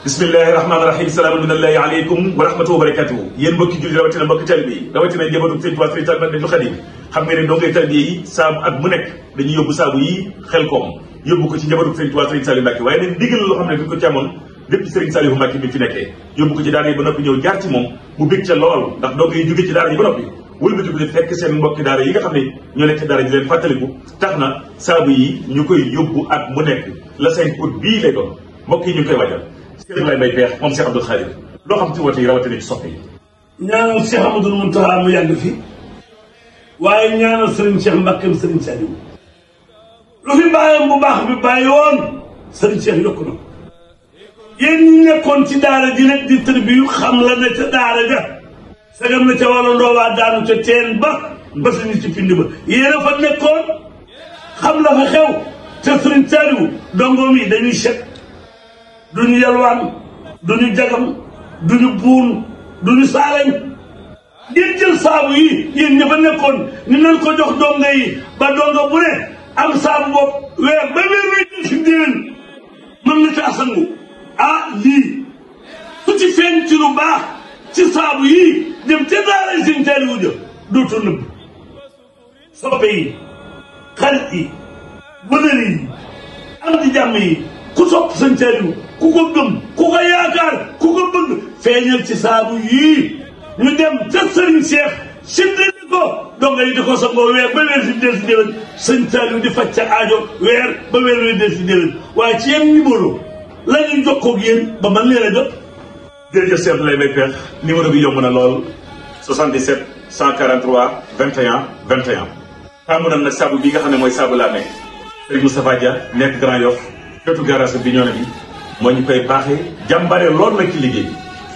bismillahi rahmaani rahim salaamu minallahi aleykum wa rahmatuhu mbokki julli rawatina mbokki taalibe yi rawatina njabootu xam ne dongay taalibe mu nekk dañuy yóbbu saabu yi xel koom yóbbu ko ci njabootu xam ne duñ ko càmmoon lépp ci sëriñ Saliou Mbacke mi fi nekkee yóbbu ko ci daara yi ba noppi jaar ci moom mu bég ca lool ndax dong yi jóge ci daara yi ba noppi wëlbatiku di fekk seen mbokki daara yi nga xam ne ñoo nekk daara di leen fàttaliku tax na saabu yi ñu koy yóbbu at mu nekk la 5 août bii lay doon mbokk yi ñu koy wajal Sëriñ Laye Mbaye Peex moom Cheikh loo xam ci woote yi rawatina ci soppe yi. ñaanal Cheikh Amadou Mountakha mu yàgg fi waaye ñaanal Serigne Cheikh Mbackeem Serigne fi bàyyam bu baax bi bàyyi woon Serigne Cheikh yokku na yéen ñi nekkoon ci daara ji nag di tër bi xam la ne ca daara ja sagam na ca wàllu ndoobaa daanu ca teen ba ba suñu ci pind ba yéen a fa nekkoon xam la fa xew te Serigne Saliou dongoom yi dañuy set. du ñu yalwaan du ñu jagam du ñu buun du ñu saalañ ngeen jël saabu yi yéen ña fa nekkoon ñu nañ ko jox donga yi ba donga bu ne am saabu bopp weer ba weer wee jël si déwén mën na ci asangu ah lii su ci feeñ ci lu baax ci saabu yi dem ca daara sin teeri wu jë dootul nëbb soppe yi xarit yi wëlëri yi am di jàmm yi ku sopp sëñ Saaliw ku ko gëm ku ko yaakaar ku ko bëgg feeñal ci saabu yii ñu dem ca sëriñ Cheikh siddali ko donga yi di ko sangoo weer ba weer si del si déwén sëñ Saliou di faj ca ajo weer ba weer wi del si déwén waaye ci yéen numéro la jox jokkoo ak ba man leen a jot jërëjëf Cheikh lay may peex numéro bi yomb na lool 77 143 21 21 tàmm nan nag saabu bi nga xam ne mooy saabu laa nekk Serigne Moustapha Dia nekk Grand Yoff jotu garage bi ñoo moo ñu koy baaxee jàmbare loolu nag ci liggéey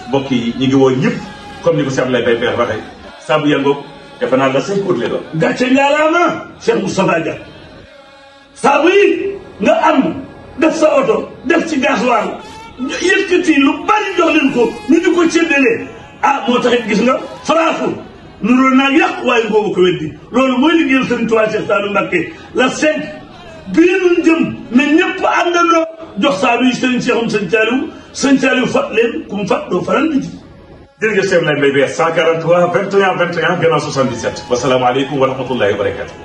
mbokk yi ñu ngi woo ñëpp comme ni ko Cheikh Abdoulaye Baye Père waxee saabu yëngoo defe naa la cinq août lay doon. gàcce ngaalaama Cheikh Moustapha saabu yi nga am def sa oto def ci gasoil yëkkati lu bari jox leen ko ñu di ko séddalee ah moo taxit gis nga faraafu nuróo naa yàq waaye ngoobu ko weddi loolu mooy liggéeyal Sëriñ Tuubaa Cheikh Saliou Mbacké la cinq bii nun jëm jox saalu yi sëriñ Seexum sëñ Saaliw sëñ Saaliw fat leen ku mu fat doo faral di ji jërëjëf Seydou Mbaye Mbaye 143 21 21 gannaaw 77 wasalaamaaleykum wa rahmatullahi wa barakatu